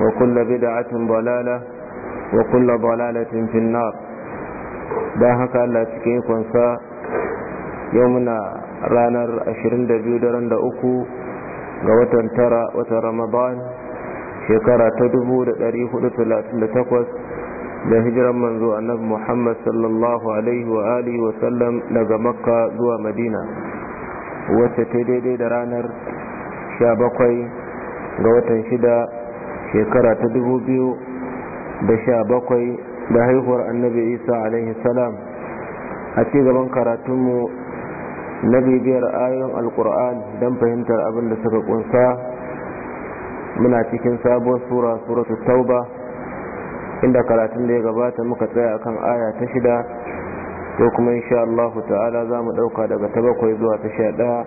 وكل بدعة ضلالة وكل ضلالة في النار da haka Allah cikin ikonsa yau muna ranar 22 daren da uku ga watan tara shekara ta 1438 da hijiran manzo annabi muhammad sallallahu alaihi wa alihi daga makka zuwa madina wacce ta daidai da ranar 17 ga watan shida shekara ta dubu biyu da sha bakwai da haihuwar annabi isa alaihi salam a ci gaban karatunmu na bibiyar ayon alkur'an don fahimtar abin da suka kunsa muna cikin sabon sura suratu tauba inda karatun da ya gabata muka tsaya akan aya ta shida to kuma insha Allah ta'ala za mu ɗauka daga ta bakwai zuwa ta sha ɗaya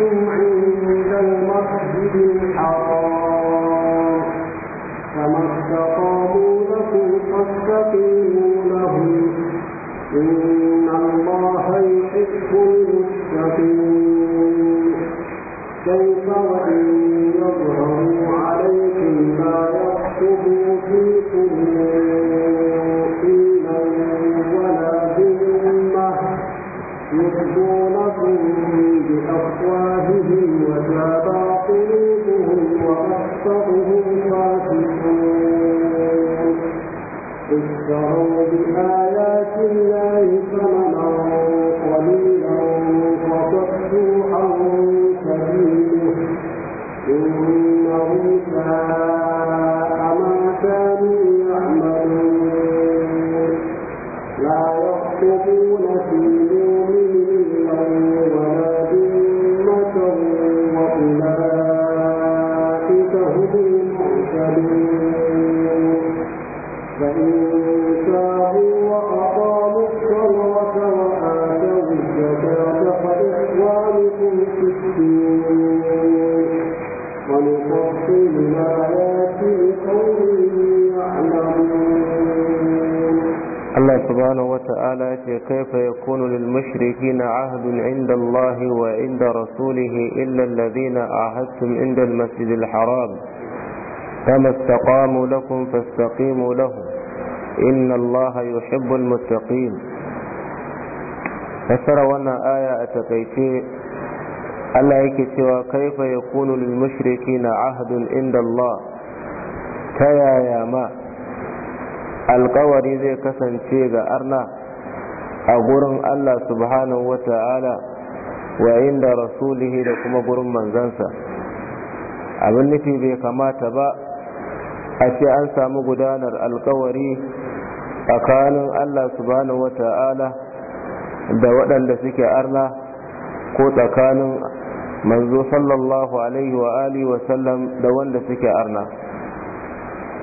وقفتم الحرام فاستقيموا إن الله يحب كيف وإن يظهروا عليكم لا يخطبون بأفواههم وتابى قلوبهم وأكثرهم فاسقون إلا الذين عاهدتم عند المسجد الحرام فما استقاموا لكم فاستقيموا لهم إن الله يحب المتقين فسر وانا آية أتقيتي ألا يكتوى كيف يكون للمشركين عهد عند الله كيا يا ما القوري ذي كسن شيء أرنا أقول الله سبحانه وتعالى wa inda rasulihi da kuma gurin manzansa abin nufi bai kamata ba a ce an samu gudanar alkawari kanin allah subhanahu wa ta'ala da waɗanda suke arna ko tsakanin manzo sallallahu alaihi wa alihi wa sallam da wanda suke arna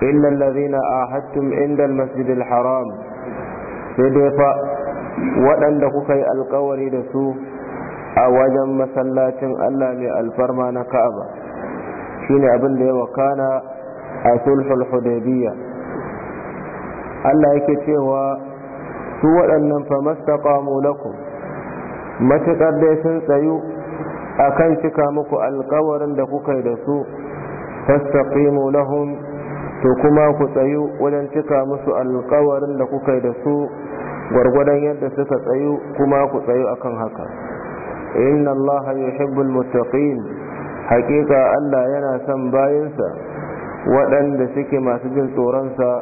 illa allazina ahadtum inda almasjidil haram sai dai fa waɗanda kuka yi alkawari da su a wajen masallacin Allah mai alfarma na Ka'aba shine abin da ya wakana a sulhul hudaybiyya Allah yake cewa su waɗannan fa mastaqamu lakum matuƙar dai sun tsayu akan cika muku alkawarin da kuka yi da su fastaqimu lahum to kuma ku tsayu wajen cika musu alkawarin da kuka yi da su gwargwadon yadda suka tsayu kuma ku tsayu akan haka inna allaha yuhibbul muttaqin haƙiƙa Allah yana son bayansa waɗanda suke masu jin tsoronsa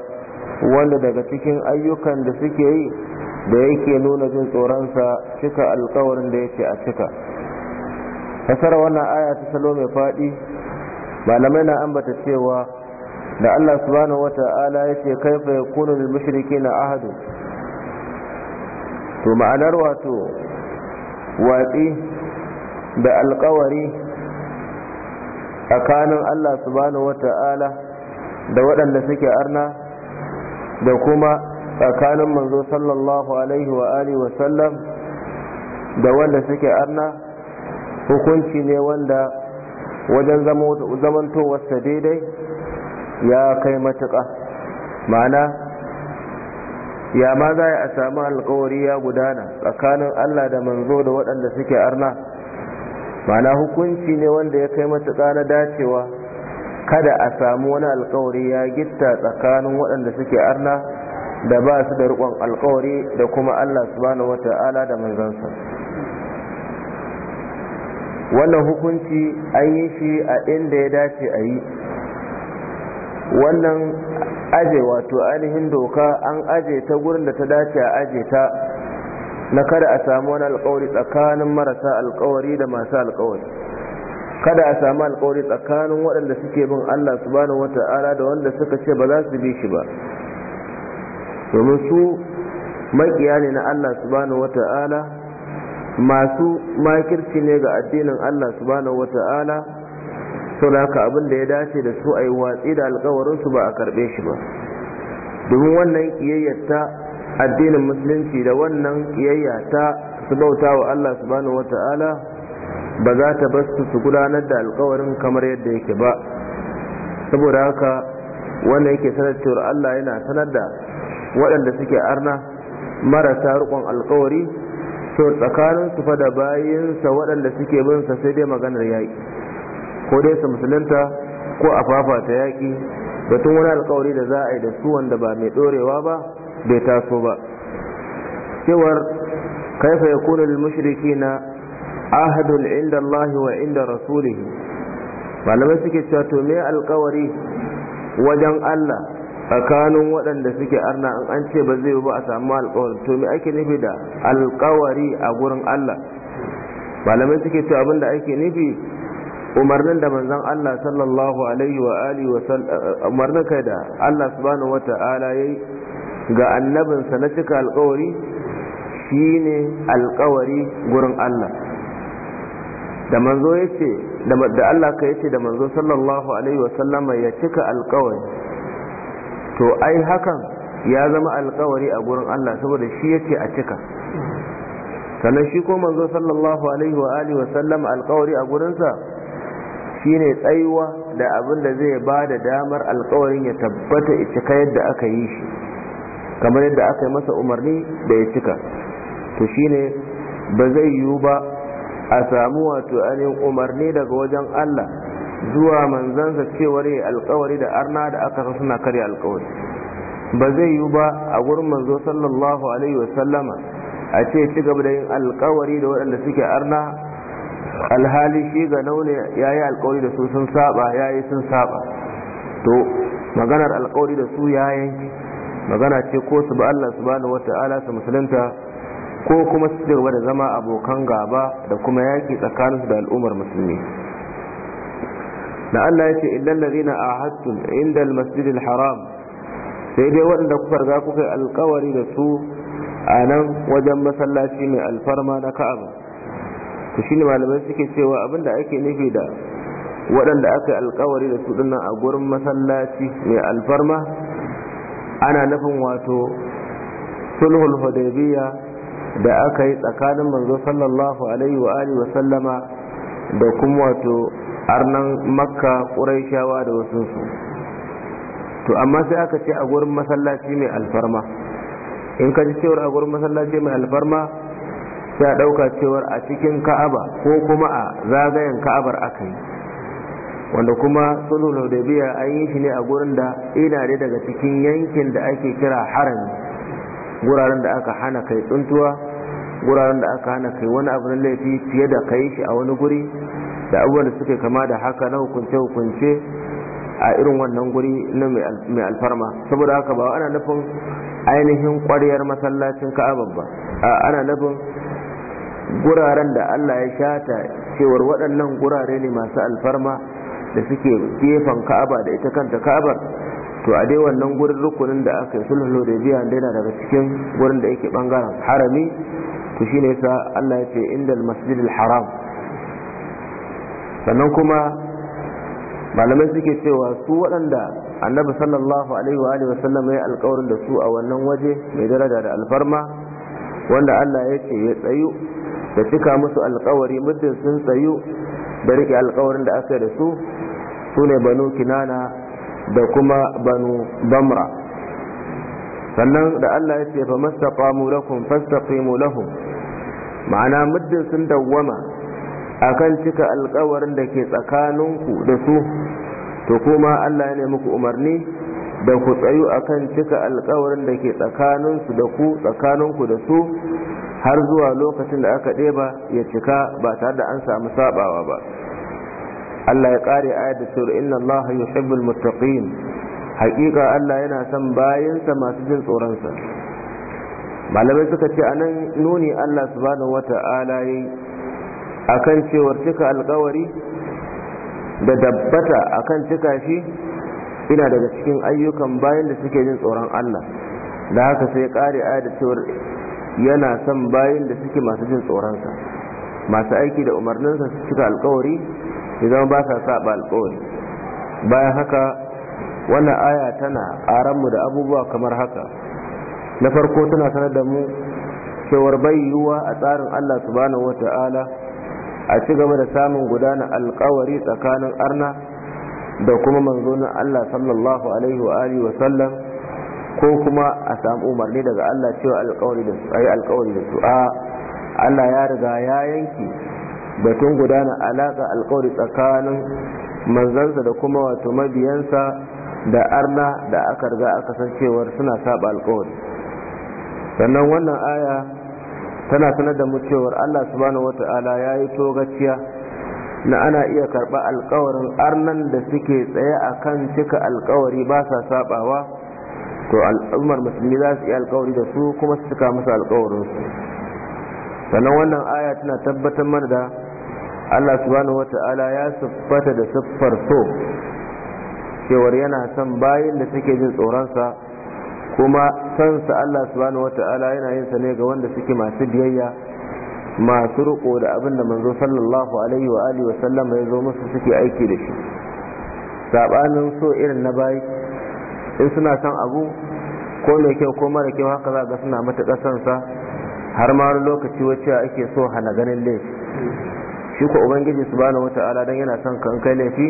wanda daga cikin ayyukan da suke yi da yake nuna jin tsoronsa cika alkawarin da yake a cika fasara wannan aya ta salo mai faɗi malamai na ambata cewa da Allah subhanahu wata'ala ya ce kaifa yakunu lil mushrikeena ahadu to ma'anar wato watsi da alkawari tsakanin Allah subhanahu wata'ala da waɗanda suke arna da kuma tsakanin manzo sallallahu alaihi wa alihi wa sallam da wanda suke arna hukunci ne wanda wajen zamantowarsa daidai ya kai matuƙa ma'ana ya ma za a sami alkawari ya gudana tsakanin Allah da manzo da waɗanda suke arna mana hukunci ne wanda ya kai matuƙa na dacewa kada a sami wani alkawari ya gitta tsakanin waɗanda suke arna da ba su da riƙon alkawari da kuma Allah subhanahu wata'ala da manzansa wannan hukunci an yi shi a inda ya dace a yi wannan aje wato ainihin doka an aje ta gurin da ta dace a aje ta na kada a samu wani alkawari tsakanin marasa alkawari da masu alkawari kada a samu alkawari tsakanin waɗanda suke bin Allah subhanahu wata'ala da wanda suka ce ba za su bi shi ba domin su makiya ne na Allah subhanahu wata'ala masu makirci ne ga addinin Allah subhanahu wata'ala sau da haka abin da ya dace da su a yi watsi da alkawarinsu ba a karbe shi ba domin wannan kiyayyata ta addinin musulunci da wannan ƙiyayya ta su bauta wa allah subhanahu wata'ala ba za ta basu su gudanar da alkawarin kamar yadda yake ba saboda haka wannan yake sanar cewa allah yana sanar da waɗanda suke arna marasa riƙon alkawari to tsakanin su fa da bayinsa waɗanda suke bin sa sai dai maganar yayi ko dai su musulunta ko a fafata yaƙi batun wani alkawari da za a yi da su wanda ba mai ɗorewa ba bai taso ba cewar kaifa ya kuna mushriki na ahadun inda Allah wa inda rasulihi malamai suke cewa to me alkawari wajen Allah tsakanin waɗanda suke arna in an ce ba zai ba a samu alkawari to me ake nufi da alkawari a gurin Allah malamai suke cewa abin da ake nufi umarnin da manzon Allah sallallahu alaihi wa ali wa uh, umarnin kai da Allah subhanahu wata'ala yayi ga annabinsa na cika alkawari shine alƙawari gurin Allah da manzo yace da Allah ka yace da manzo sallallahu alaihi wa sallama ya cika alƙawari, to ai hakan ya zama alƙawari a gurin Allah saboda shi yace a cika sannan shi ko manzo sallallahu alaihi wa alihi wa sallam alkawari a gurinsa shine tsayuwa da abin da zai ba da damar alkawarin ya tabbata ya cika yadda aka yi shi kamar yadda aka yi masa umarni da ya cika to shine ba zai yiwu ba a samu wato ainihin umarni daga wajen Allah zuwa manzansa cewar ya alkawari da arna da aka suna karya alkawari ba zai yiwu ba a gurin manzo sallallahu alaihi wasallama a ce ci gaba da yin alkawari da waɗanda suke arna alhali shi ga naune ya yi alkawari da su sun saba ya yi sun saba to maganar alkawari da su ya yanki magana ce ko su ba Allah Su subhanahu wata'ala su musulunta ko kuma su gaba da zama abokan gaba da kuma yaki tsakaninsu da al'ummar musulmi na Allah ya ce illal a hattun inda al haram sai dai waɗanda kuka riga kuka yi alkawari da su a nan wajen masallaci mai alfarma na Ka'aba to shine malamai suke cewa abinda ake nufi da waɗanda aka yi alkawari da su dinnan a gurin masallaci mai alfarma ana nufin wato sulhul hudaybiyya da aka yi tsakanin manzo sallallahu alaihi wa alihi wa sallama da kuma wato arnan makka quraishawa da wasu su to amma sai aka ce a gurin masallaci mai alfarma in ka ji cewar a gurin masallaci mai alfarma ya a ɗauka cewar a cikin ka'aba ko kuma a zagayen ka'abar aka yi wanda kuma sulhul hudaybiya an yi shi ne a gurin da ina da daga cikin yankin da ake kira harami guraren da aka hana kai tsuntuwa guraren da aka hana kai wani abu na laifi fiye da kai shi a wani guri da abubuwan da suke kama da haka na hukunce hukunce a irin wannan guri na mai alfarma saboda haka ba ana nufin ainihin kwaryar masallacin ka'aba ba ana nufin guraren da Allah ya shata cewar waɗannan gurare ne masu alfarma da suke gefen ka'aba da ita kanta ka'abar to a dai wannan gurin rukunin da aka yi sulhul hudaybiya da yana daga cikin gurin da yake bangaren harami to shine yasa Allah ya ce indal masjidil haram sannan kuma malamai suke cewa su waɗanda annabi sallallahu alaihi wa alihi wasallam ya alƙawarin da su a wannan waje mai daraja da alfarma wanda Allah ya ce ya tsayu da cika musu alkawari muddin sun tsayu da rike alkawarin da aka da su su ne banu kinana da kuma banu bamra sannan da Allah ya ce fa mastaqamu lakum fastaqimu lahum ma'ana muddin sun dawwama akan cika alkawarin da ke tsakaninku da su to kuma Allah ya ne muku umarni da ku tsayu akan cika alkawarin da ke tsakaninsu da ku tsakaninku da su har zuwa lokacin da aka ɗeba ya cika ba tare da an samu sabawa ba Allah ya ƙare a yadda cewa inna Allah yuhibbul mutaƙin haƙiƙa Allah yana son bayansa masu jin tsoronsa malamai suka ce a nan nuni Allah su wata wata'ala yi kan cewar cika alƙawari da dabbata kan cika shi ina daga cikin ayyukan bayan da suke jin tsoron Allah da haka sai ƙare a yadda cewar yana son bayan da suke masu jin tsoronsa masu aiki da umarninsa su cika alkawari su zama ba sa saba alkawari bayan haka wannan aya tana mu da abubuwa kamar haka na farko tana sanar da mu cewar bai a tsarin allah subhanahu wata'ala a ci gaba da samun gudana alkawari tsakanin arna da kuma manzo allah sallallahu alaihi wa alihi wa sallam ko kuma a samu umarni daga Allah cewa alƙawari da su ayi alƙawari da su a Allah ya riga ya yanki batun gudana alaƙa alƙawari tsakanin manzansa da kuma wato mabiyansa da arna da aka riga aka san cewar suna saba alƙawari sannan wannan aya tana sanar da mu cewar Allah subhanahu wata'ala ya yi togaciya na ana iya karɓa alƙawarin arnan da suke tsaye akan cika alƙawari ba sa sabawa to al'ummar musulmi za su yi alkawari da su kuma su cika musu alkawarin su sannan wannan aya tana tabbatar mana da Allah subhanahu wata'ala ya siffata da siffar so cewar yana son bayan da suke jin tsoronsa kuma sansa Allah subhanahu wata'ala yana yin sa ne ga wanda suke masu biyayya masu riko da abin da manzo sallallahu alaihi wa alihi wa sallama ya zo musu suke aiki da shi sabanin so irin na bayi in suna son abu ko mai kyau ko mara kyau haka za ga suna matuƙar son har ma wani lokaci wacce ake so hana ganin laifi shi ko ubangiji wata ala don yana son kan kai laifi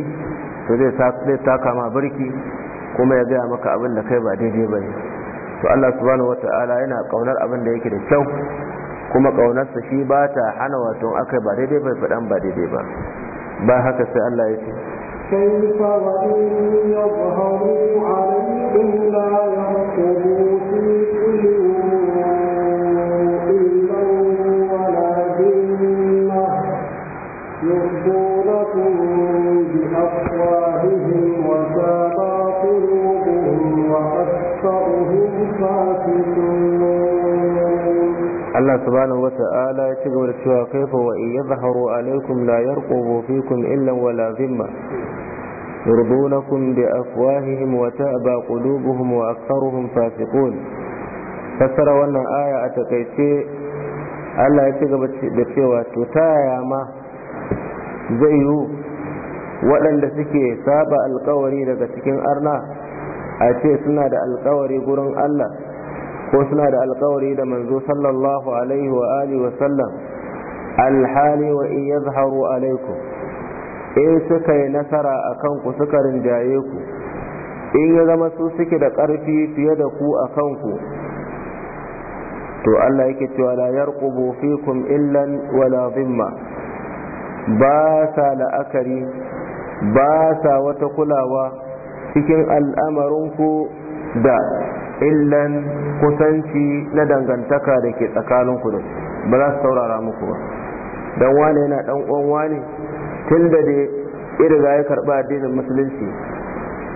to zai taka ma birki kuma ya gaya maka abin da kai ba daidai ba ne to Allah wata ala yana kaunar abin da yake da kyau kuma ƙaunarsa shi ba ta hana wato akai ba daidai ba faɗan ba daidai ba ba haka sai Allah ya ce كيف وإن يظهروا عليهم لا يرقبوا في فيكم إلا ولا ذمة يرضونكم بأفواههم وتابى قلوبهم وأكثرهم فاسقون الله سبحانه وتعالى يتقبل الشواقيف يظهروا عليكم لا يرقبوا فيكم إلا ولا ذمة يرضونكم بأفواههم وتأبى قلوبهم وأكثرهم فاسقون فسر wannan aya a takaice Allah ya ci gaba da cewa to ta yaya ma zai yiwu waɗanda suke saba alkawari daga cikin arna a ce suna da alkawari gurin Allah ko suna da alkawari da manzo sallallahu alaihi wa sallam alhali wa in yazharu alaikum in suka yi nasara a kanku suka rinjaye ku in ya zama su suke da ƙarfi fiye da ku a kanku to Allah yake cewa la yarqubu fikum illan wala dhimma ba sa la'akari ba sa wata kulawa cikin al'amarinku da illan kusanci na dangantaka da ke tsakaninku da ba za su saurara muku ba dan wane yana dan uwan wane tun da dai iriga ya karba addinin musulunci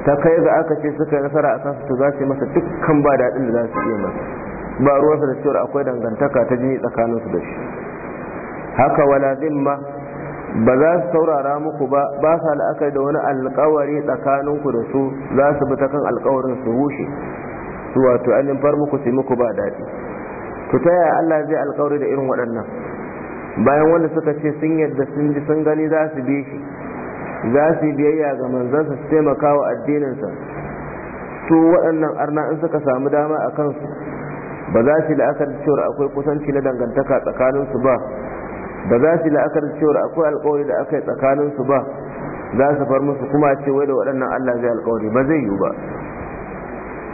ta kai ga aka ce suka yi nasara a kansu to za su yi masa dukkan ba daɗin da za su iya masa ba ruwansa da cewar akwai dangantaka ta jini tsakaninsu da shi haka wala zimma ba za su saurara muku ba ba sa la'akari da wani alkawari tsakaninku da su za su bi ta kan alkawarin su rushe su wato an far muku su muku ba daɗi to ta yaya Allah zai alkawari da irin waɗannan bayan wanda suka ce sun yadda sun ji sun gani za su bi shi za su yi biyayya ga manzansa su taimaka wa addininsa To waɗannan arna in suka samu dama a kansu ba za su yi la'akar cewar akwai kusanci na dangantaka tsakaninsu ba ba za su yi la'akar cewar akwai alkawari da aka yi tsakaninsu ba za su far musu kuma a ce wai da waɗannan allah zai alkawari ba zai yiwu ba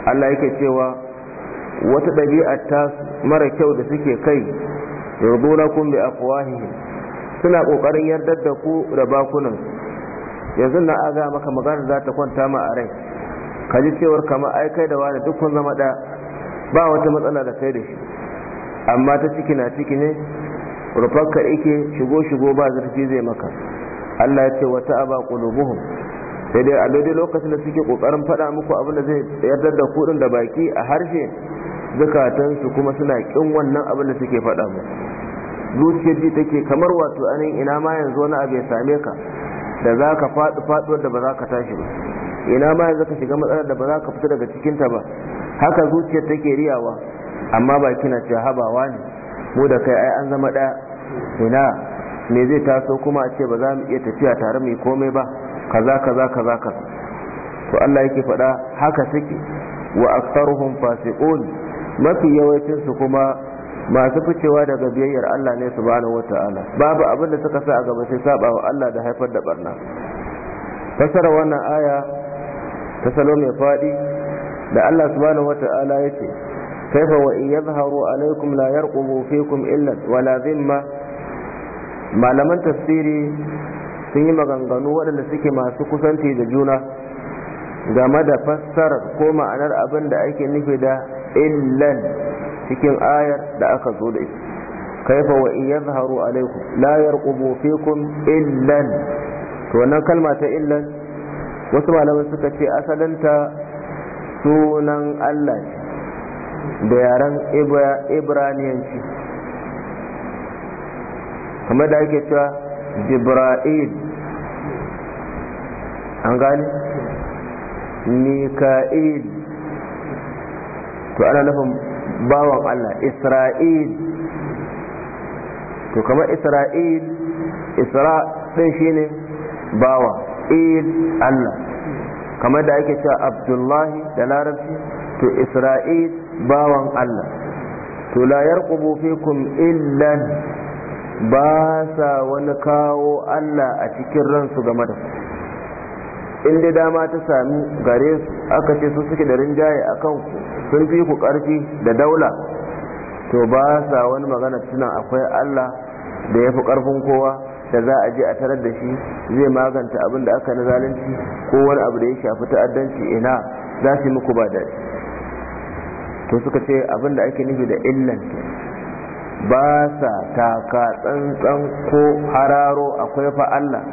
allah yake cewa wata ɗabi'a ta mara kyau da suke kai yurdunakum bi afwahihim suna kokarin yardar da ku da bakunan yanzu na aga maka magana za ta kwanta ma a rai ka ji cewar kamar ai kai da wani duk kun zama da ba wata matsala da kai da shi amma ta ciki na ciki ne rufarka ike shigo shigo ba zurfi zai maka Allah ya ce wata aba qulubuhum sai dai a lokacin da suke kokarin faɗa muku abin da zai yardar da ku da baki a harshe zukatansu kuma suna kin wannan abin da suke faɗa mu zuciyar ji take kamar wato anin ina ma yanzu wani abu ya same ka da za ka faɗi faɗuwar da ba za ka tashi ba ina ma yanzu ka shiga matsalar da ba za ka fita daga cikinta ba haka zuciyar take riyawa amma ba kina ce habawa ne mu da kai ai an zama ɗaya ina me zai taso kuma a ce ba za mu iya tafiya tare mai komai ba kaza kaza kaza kaza to Allah yake faɗa haka suke wa aktsaruhum fasiqun mafi yawancinsu kuma masu ficewa daga biyayyar Allah ne subhanahu wata'ala babu abin da suka sa a gaba sai saba wa Allah da haifar da barna fasara wannan aya ta salo mai faɗi da Allah subhanahu wata'ala ya ce kaifa wa in yadhharu alaikum la yarqubu fikum illa wala zimma malaman tafsiri sun yi maganganu waɗanda suke masu kusanci da juna game da fassarar ko ma'anar abin da ake nufi da illan cikin ayar da aka zo da ita kaifa wa in yazharu alaikum la yarqubu fikum illan to wannan kalma ta illan wasu malamai suka ce asalinta sunan Allah da yaren ibraniyanci kamar da ake cewa jibra'il an gani mika'il to ana nufin bawan Allah Isra'il to kamar Isra'il Isra shi shine bawa il Allah kamar da ake cewa Abdullahi da Larabci to Isra'il bawan Allah to la yarqubu fikum illan ba sa wani kawo Allah a cikin ransu game da su in dai dama ta sami gare su aka ce su suke da rinjaye a kan sun fi ku karfi da daula to ba sa wani magana suna akwai allah da ya fi ƙarfin kowa da za a je a tarar da shi zai maganta abin da aka na zalunci ko wani abu da ya shafi ta'addanci ina za su muku ba daɗi to suka ce abin da ake nufi da illan ba sa taka tsantsan ko hararo akwai fa Allah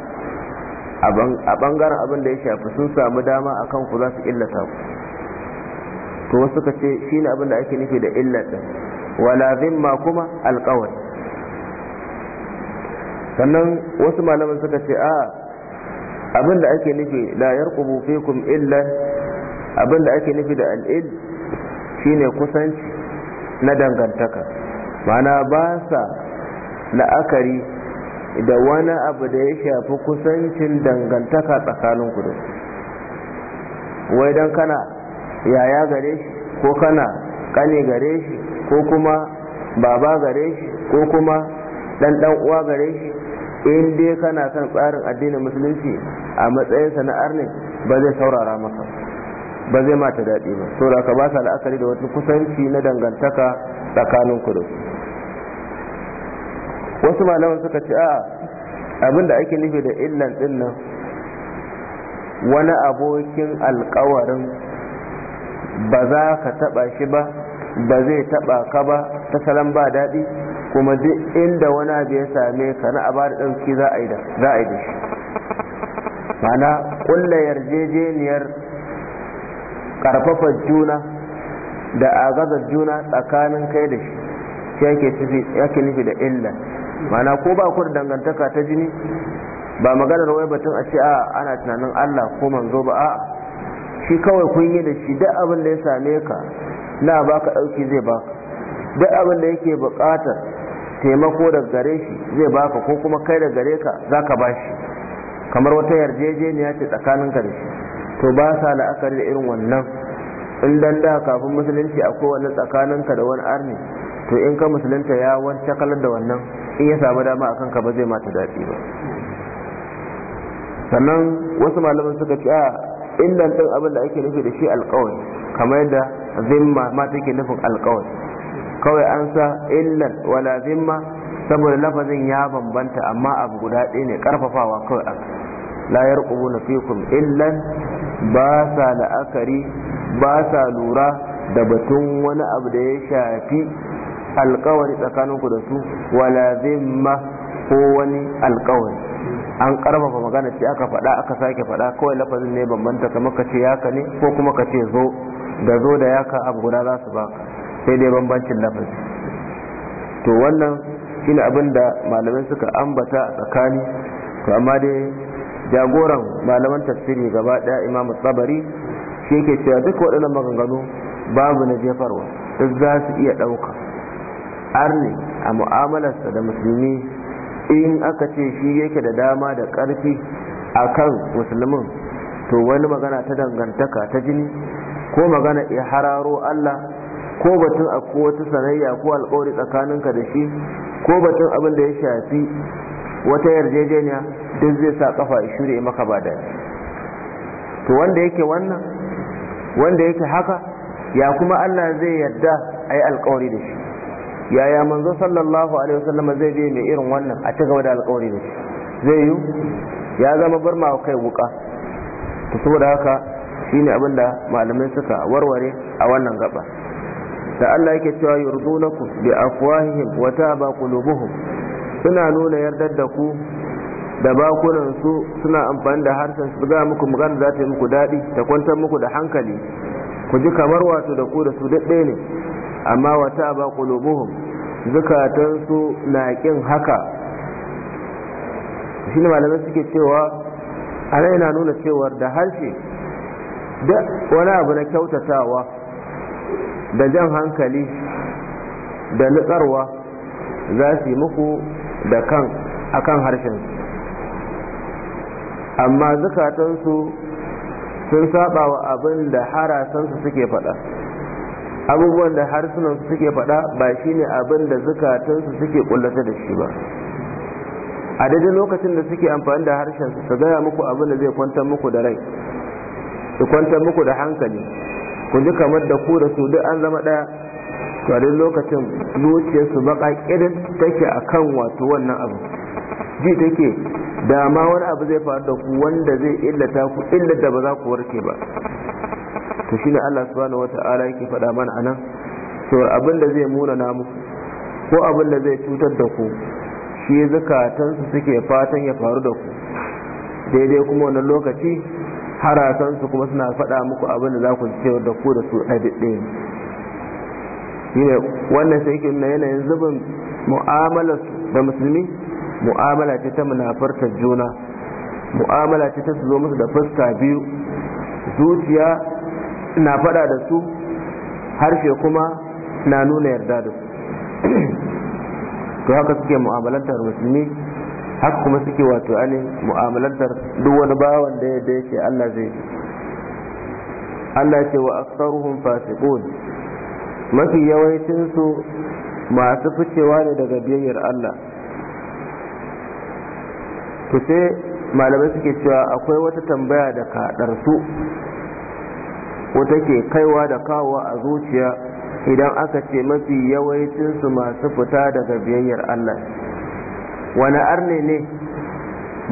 a bangaren abin da ya shafi sun samu dama a kan ku za su illata ku to wasu ka ce shi ne abin da ake nufi da illata wala zimma kuma alkawar sannan wasu malaman suka ce a abin da ake nufi la yarqubu fikum illa abin da ake nufi da al'il ne kusanci na dangantaka ma'ana ba sa la'akari da wani abu da ya shafi kusancin dangantaka tsakanin ku da su wai don kana yaya gare shi ko kana kane gare shi ko kuma baba gare shi ko kuma dan uwa gare shi in dai kana kan tsarin addinin musulunci a matsayin sana'ar ne ba zai saurara maka ba zai mata daɗi ba saboda ka ba sa la'akari da wata kusanci na dangantaka tsakanin ku da su wasu malaman suka ce a da ake nufi da illan dinnan wani abokin alkawarin ba za ka taba shi ba ba zai taba ka ba ta salon ba daɗi kuma duk inda wani abu ya same ka na abar ɗauki za a yi da shi mana ƙulla yarjejeniyar karfafa juna da agazar juna tsakanin kai da shi yake nufi da illan. mana ko ba ku da dangantaka ta jini ba maganar wai batun a ce a ana tunanin Allah ko manzo ba a shi kawai kun yi da shi duk abin da ya same ka na baka dauki zai baka duk abin da yake buƙatar taimako da gare shi zai baka ko kuma kai da gare ka zaka bashi kamar wata yarjejeniya ce tsakanin ka da shi to ba sa la'akari da irin wannan in dan da kafin musulunci akwai wani ka da wani arni to in ka musulunta ya wance kalar da wannan in ya samu dama akan ka ba zai mata daɗi ba sannan wasu malaman suka ce a ah, illan ɗin abin da ake nufi da shi alƙawari kamar yadda zimma ma take nufin alƙawari kawai an sa illan wala zimma saboda lafazin ya bambanta amma abu guda ɗaya ne ƙarfafawa kawai a la yarqubu fikum illan ba sa la'akari ba sa lura da batun wani abu da ya shafi alkawari tsakaninku da su wala zimma ko wani alkawari an karfafa magana ce aka faɗa aka sake faɗa kawai lafazin ne bambanta kamar ka ce yaka ne ko kuma ka ce zo da zo da yaka abu guda za su baka sai dai bambancin lafazi to wannan shine abin da malamai suka ambata a tsakani to amma dai jagoran malaman tafsiri gaba daya imamu tsabari shi yake cewa duk waɗannan maganganu babu na jefarwa duk za su iya ɗauka arne a mu'amalarsa da musulmi in aka ce shi yake da dama da ƙarfi a kan musulmin to wani magana ta dangantaka ta jini ko magana ya hararo Allah ko batun akwai wata sanayya ko alƙawari tsakaninka da shi ko batun abin da ya shafi wata yarjejeniya duk zai sa kafa ya shirya maka ba da to wanda yake wannan wanda yake haka ya kuma Allah zai yarda a yi alƙawari da shi yaya manzo sallallahu alaihi wasallam zai je mai irin wannan a cigaba da alƙawari da zai yi ya zama barma wa kai wuka to saboda haka shine abin da malamai suka warware a wannan gaba da Allah yake cewa yurdunaku bi afwahihim wa taba qulubuhum suna nuna yardar da ku da bakunan su suna amfani da harshen su ga muku magana za ta yi muku daɗi ta kwantar muku da hankali ku ji kamar wato da ku da su daɗe ne amma wata ba kulubuhum zukatansu na kin haka shi ne malamai suke cewa a yana nuna cewar da harshe da wani abu na kyautatawa da jan hankali da nutsarwa za su yi muku da kan akan harshen amma zukatansu sun saba wa abin da harasansu suke faɗa abubuwan da harsunan su suke faɗa ba shi ne abin da zukatansu suke kullata da shi ba a daidai lokacin da suke amfani da harshen su gaya muku abin da zai kwantar muku da rai su kwantar muku da hankali ku ji kamar da ku da su duk an zama ɗaya to a daidai lokacin zuciyarsu baka irin take kan wato wannan abu ji take dama wani abu zai faru da ku wanda zai illata ku illar da ba za ku warke ba to shine Allah subhanahu wata'ala yake faɗa mana anan to abin da zai muna muku ko abin da zai cutar da ku shi zukatansu suke fatan ya faru da ku daidai kuma wannan lokaci harasansu kuma suna faɗa muku abin da za ku cewar da ku da su shine wannan sai yake nuna yanayin zubin mu'amalar da musulmi mu'amala ce ta munafartar juna mu'amala ce ta su zo musu da fuska biyu zuciya na faɗa da su harshe kuma na nuna yarda da su to haka suke mu'amalantar musulmi haka kuma suke wato ainihin mu'amalantar duk wani bawan da yadda yake Allah zai Allah ce wa aksaruhum fasiqun mafi yawancin su masu ficewa ne daga biyayyar Allah to sai malamai suke cewa akwai wata tambaya da kaɗarsu ko take kaiwa da kawowa a zuciya idan aka ce mafi yawancinsu masu fita daga biyayyar Allah wani arne ne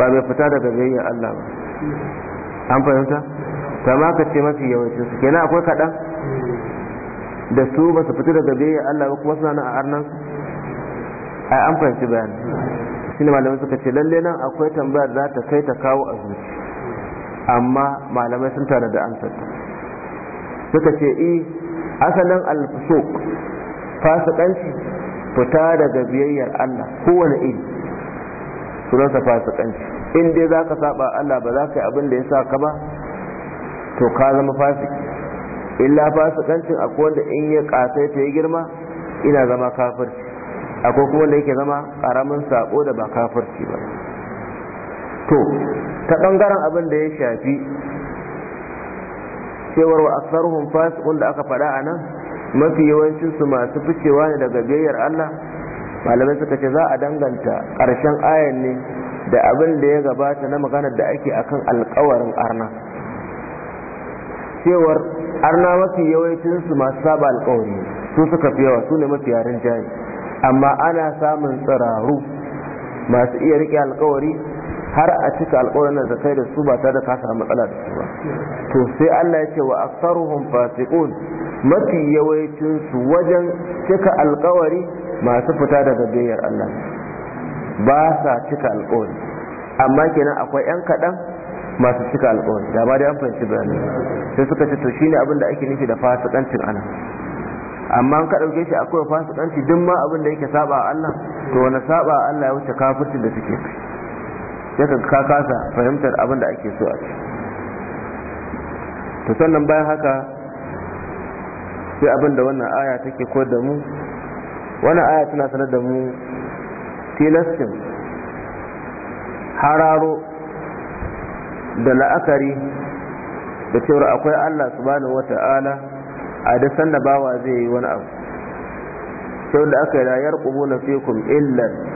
ba mai fita daga biyayyar Allah ba an fahimta kama ka ce mafi yawancinsu kenan akwai kaɗan da su ba su fita daga biyayyar Allah ba kuma suna nan a arnan ai an fahimci shi shine malamai suka ce lalle nan akwai tambayar za ta kai ta kawo a zuci amma malamai sun tare da amsar suka ce i e, asalin alfusuk fasikanci fita daga biyayyar Allah kowane iri sunansa fasikanci in dai za ka saba Allah ba za ka yi abin da ya sa ka ba to ka zama fasiki illa fasikancin akwai wanda in ya kasai ta ya girma ina zama kafirci akwai kuma wanda yake zama karamin sako da ba kafirci ba to ta bangaren abin da ya shafi cewar wa aktsaruhum fasiqun da aka faɗa a nan mafi yawancin su masu ficewa ne daga biyayyar Allah malamai suka ce za a danganta ƙarshen ayan ne da abin da ya gabata na magana da ake akan alƙawarin arna cewar arna mafi yawancin su masu saba alƙawari su suka fi yawa su ne mafi yaren jari amma ana samun tsiraru masu iya rike alƙawari har a cika alƙawarin da kai da su ba ta da ka samu matsala da su ba to sai Allah ya ce wa aktsaruhum fasiqun mafi yawancin su wajen cika alƙawari masu fita daga biyayyar Allah ba sa cika alƙawari amma kenan akwai yan kaɗan masu cika alƙawari da ba da an fahimci bayani sai suka ce to shine abin da ake nufi da fasikancin ana amma ka ɗauke shi akwai fasikanci duk ma abin da yake saba Allah to wani saba Allah ya wuce kafircin da suke kai sai ka kasa fahimtar abin da ake so a ci to sannan bayan haka sai abin da wannan aya take koyar da mu wannan aya tana sanar da mu tilastin hararo da la'akari da cewar akwai Allah subhanahu wata'ala a da sanna bawa zai yi wani abu sau da aka yi rayar ƙubu na fikun illar.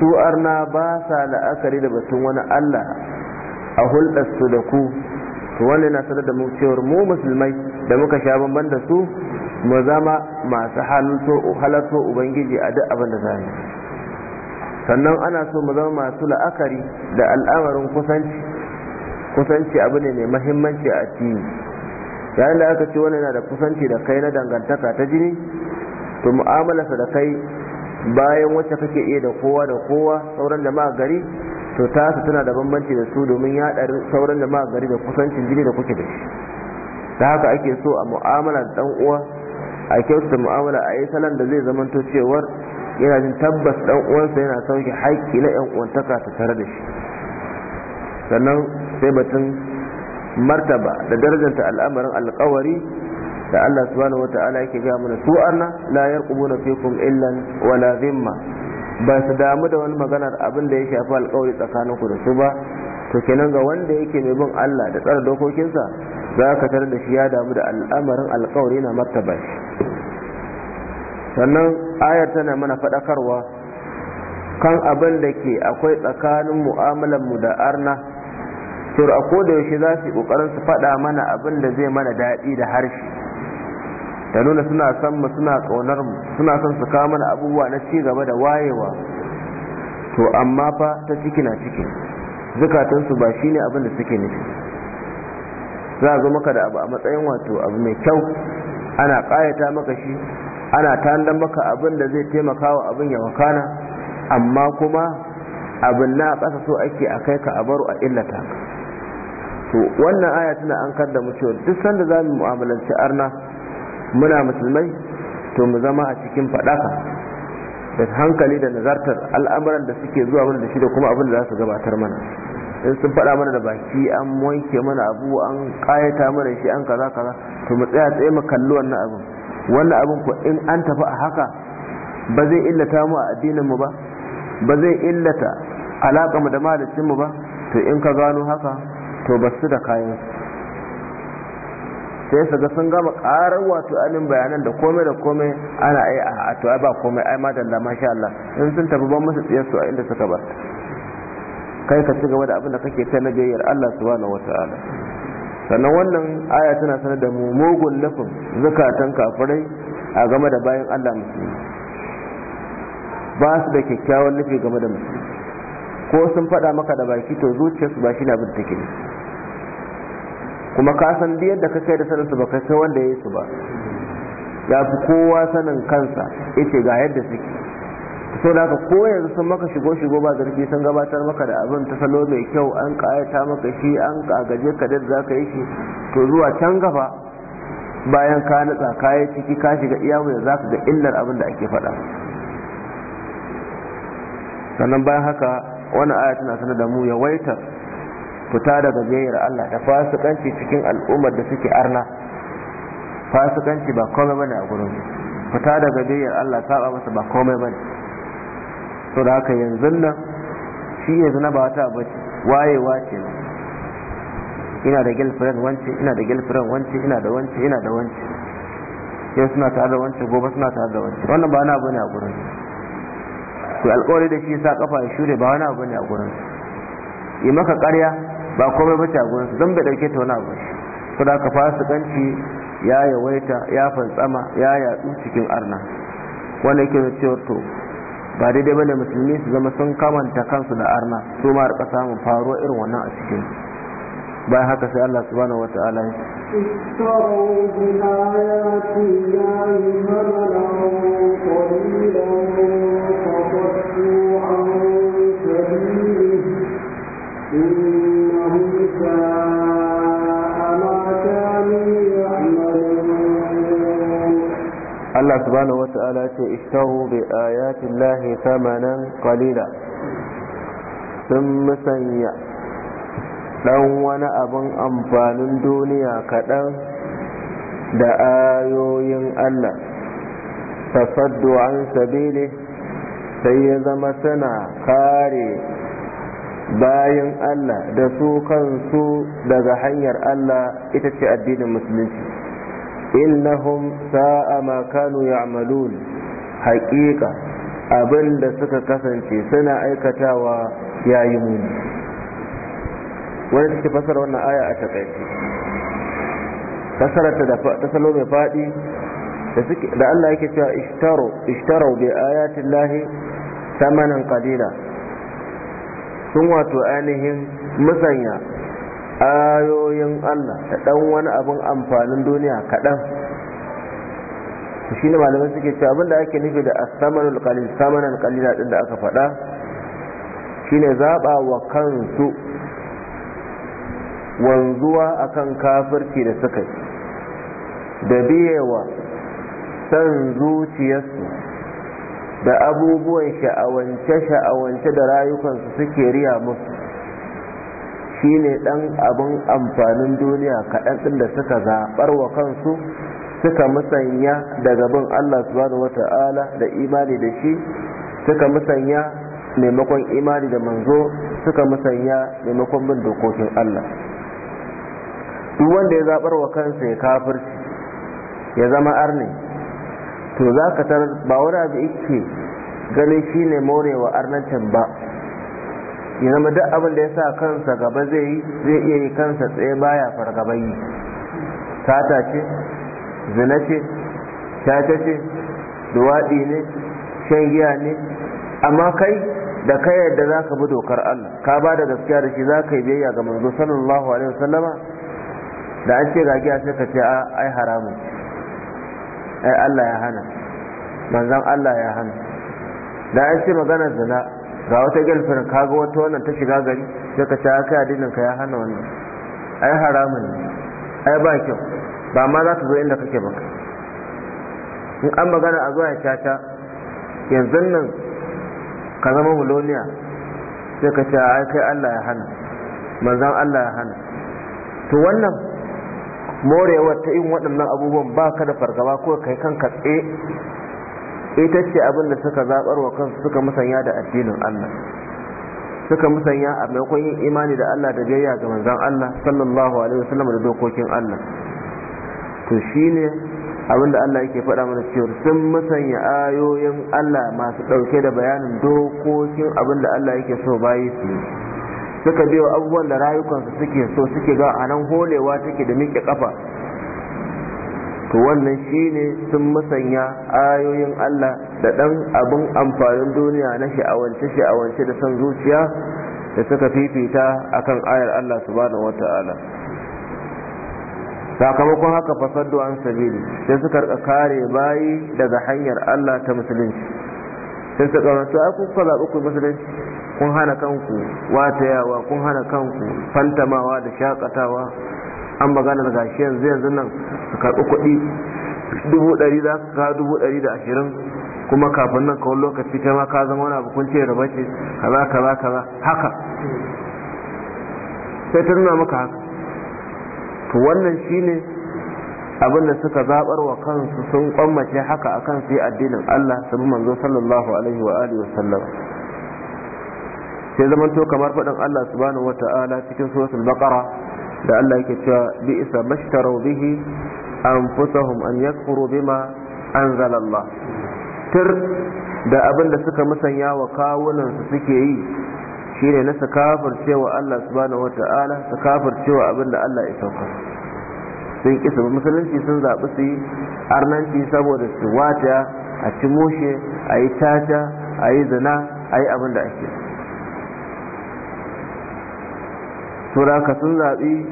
su arna ba sa la'akari da batun wani Allah a hulɗarsu da ku to wani na sanar da cewar mu musulmai da muka sha bamban da su mu zama masu halatto ubangiji a duk abin da za mu sannan ana so mu zama masu la'akari da al'amarin kusanci kusanci abu ne mai mahimmanci a addini yayin da aka ce wani yana da kusanci da kai na dangantaka ta jini to mu'amalarsa da kai bayan wacce kake iya da kowa da kowa sauran da gari to ta su tana da bambanci da su domin ya ɗari sauran da gari da kusancin jini da kuke da shi Ta haka ake so a mu'amala da ɗan uwa a kyautata mu'amala a yi salon da zai zamanto cewar yana jin tabbas ɗan uwansa yana sauke haƙƙi na ƴan uwantaka ta tare da shi sannan sai batun martaba da darajanta al'amarin alƙawari da Allah subhanahu wata'ala yake ga mana su anna la yarqubuna fikum illan wala dhimma ba su damu da wani maganar abin da ya shafi alƙawari tsakaninku da su ba to kenan ga wanda yake mai bin Allah da tsara dokokinsa za ka tarar da shi ya damu da al'amarin alƙawari na martaba shi sannan ayar tana mana faɗakarwa kan abin da ke akwai tsakanin mu'amalar mu da arna to a koda yaushe za su yi ƙoƙarin su faɗa mana abin da zai mana daɗi da harshe da nuna suna san mu suna kaunar mu suna son su kawo mana abubuwa na ci gaba da wayewa to amma fa ta ciki na ciki su ba shine abin da suke nufi za a zo maka da abu a matsayin wato abu mai kyau ana ƙayata maka shi ana tandan maka abin da zai taimaka wa abin ya wakana amma kuma abin na ƙasa so ake a kai ka a baro a illata to wannan aya tana an kar da mu cewa duk sanda za mu mu'amalanci arna muna musulmai to mu zama a cikin faɗaka da hankali da nazartar al'amuran da suke zuwa mana da shi da kuma abin da za su gabatar mana in sun faɗa mana da baki an wanke mana abu an ƙayata mana shi an kaza kaza to mu tsaya tsaye mu kalli wannan abin wannan abin ko in an tafi a haka ba zai illata mu a addinin mu ba ba zai illata alaƙa mu da malicin mu ba to in ka gano haka to basu da kayan sai su ga sun gama karar wato alin bayanan da komai da komai ana ai a to ai ba komai ai madalla masha Allah in sun tafi ban musu tsiyar su a inda suka bar kai ka ci gaba da abin da kake ta na biyayyar Allah subhanahu wataala sannan wannan aya tana sanar da mu mugun lafin zakatan kafirai a game da bayan Allah musulmi ba su da kyakkyawan nufi game da musulmi ko sun faɗa maka da baki to zuciyarsu ba shi na bin take ne kuma ka san duk yadda ka kai da sanin su ba kai wanda ya yi su ba ya fi kowa sanin kansa yace ga yadda suke sau da ko yanzu sun maka shigo shigo ba zarki sun gabatar maka da abin ta salo mai kyau an kayata maka shi an kagaje ka da zaka yi shi to zuwa can gaba bayan ka nutsa ka yi ciki ka shiga iya mai za ka ga illar abin da ake faɗa sannan bayan haka wani aya tana sanar da mu yawaitar fita daga biyayyar Allah da fasikanci cikin al'ummar da suke arna fasikanci ba komai bane a gurin fita daga biyayyar Allah saba masa ba komai bane to da haka yanzu nan shi yanzu na ba wata bace wayewa ce ina da girlfriend wance ina da girlfriend wance ina da wance ina da wance yau suna tare da wance gobe suna tare da wance wannan ba na abu ne a gurin to alƙawari da shi sa kafa ya shure ba wani abu ne a gurin yi maka ƙarya ba komai ba ta gurin don bai dauke ta wani abu ko da ka fasikanci ya yawaita ya fantsama ya yatsu cikin arna wanda yake da cewa to ba daidai bane musulmi su zama sun kamanta kansu da arna su ma rika samun faruwa irin wannan a cikin bayan haka sai Allah subhanahu wataala ya استروا بآيات Allah subhanahu wata'ala ce ishtaru bi ayati lahi thamanan qalila sun musanya dan wani abin amfanin duniya kaɗan da ayoyin Allah tasaddu an sabili sai ya zama suna kare bayan Allah da su kansu daga hanyar Allah ita ce addinin musulunci innahum sa'a ma kanu ya'malun haƙiƙa abinda da suka kasance suna aikatawa yayi muni wani take fasara wannan aya a takaice fasararta ta salo mai faɗi da Allah yake cewa ishtaru ishtaru bi ayatin lahi samanan qalila sun wato ainihin musanya ayoyin Allah da ɗan wani abin amfanin duniya kaɗan shi ne malamai suke cewa da ake nufi da asamanul qalil samanan qalila din da aka faɗa ne zaba wa kansu wanzuwa akan kafirci da suka yi da biyewa san zuciyarsu da abubuwan sha'awance sha'awance da rayukansu suke riya musu shine ɗan abin amfanin duniya kaɗan ɗin da suka zaɓar wa kansu suka musanya daga bin Allah subhanahu wata'ala da imani da shi suka musanya maimakon imani da manzo suka musanya maimakon bin dokokin Allah duk wanda ya zaɓar wa kansa ya kafirci ya zama arne to za ka tarar ba wani abu yake ganin shine morewa arnancin ba ya zama duk abin da ya sa kansa gaba zai yi zai iya yi kansa tsaye baya fargaba yi sata ce zina ce shata ce duwaɗi ne shan giya ne amma kai da kai yadda za ka bi dokar Allah ka ba da gaskiya da shi za ka yi biyayya ga manzo sallallahu alaihi wasallama da an ce ga giya sai ka ce a ai haramun ai Allah ya hana manzon Allah ya hana da an ce magana zina ga wata girlfriend kaga wata wannan ta shiga gari sai ka ce aka addinin ka ya hana wannan ai haramun ne ai ba kyau ba ma za ka zo inda kake ba in an magana a zuwa ya caca yanzu nan ka zama muloniya sai ka ce ai kai Allah ya hana manzan Allah ya hana to wannan morewa ta yin waɗannan abubuwan ba ka da fargaba ko kai kanka tsaye ita ce abin da suka zabar wa kansu suka musanya da addinin Allah suka musanya a maimakon yin imani da Allah da biyayya ga manzon Allah sallallahu alaihi wasallam da dokokin Allah to shine da Allah yake faɗa mana cewa sun musanya ayoyin Allah masu ɗauke da bayanin dokokin abin da Allah yake so bayi su suka biyo abubuwan da rayukansu suke so suke ga anan holewa take da miƙe kafa to wannan shine sun musanya ayoyin Allah da ɗan abin amfanin duniya na sha'awance sha'awance da son zuciya da suka fifita akan ayar Allah subhanahu wata'ala sakamakon haka fasaddu an sabili sai suka kare bayi daga hanyar Allah ta musulunci sai suka karanto ai kun zaɓi ku musulunci kun hana kanku watayawa kun hana kanku fantamawa da shakatawa an magana daga shi yanzu yanzu nan su karɓi kuɗi dubu ɗari za ka kawo dubu ɗari da ashirin kuma kafin nan kawai lokaci kai ma ka zama wani abu kun ce raba ce kaza kaza kaza haka sai ta nuna maka haka to wannan ne abin da suka zaɓar wa kansu sun kwammace haka akan su yi addinin Allah sabu manzo sallallahu alaihi wa alihi wa sallam sai zaman to kamar faɗin Allah subhanahu wa ta'ala cikin suratul baqara da Allah yake cewa bi isa mashtarau bihi anfusahum an yakfuru bima anzala Allah tir da abin da suka musanya wa kawunan su suke yi shine na sakafar cewa Allah subhanahu wata'ala sakafar cewa abin da Allah ya sauka sun kisa musulunci sun zaɓi su yi arnanci saboda su wata a ci moshe a yi tata a yi zina a yi abin da ake suraka sun zaɓi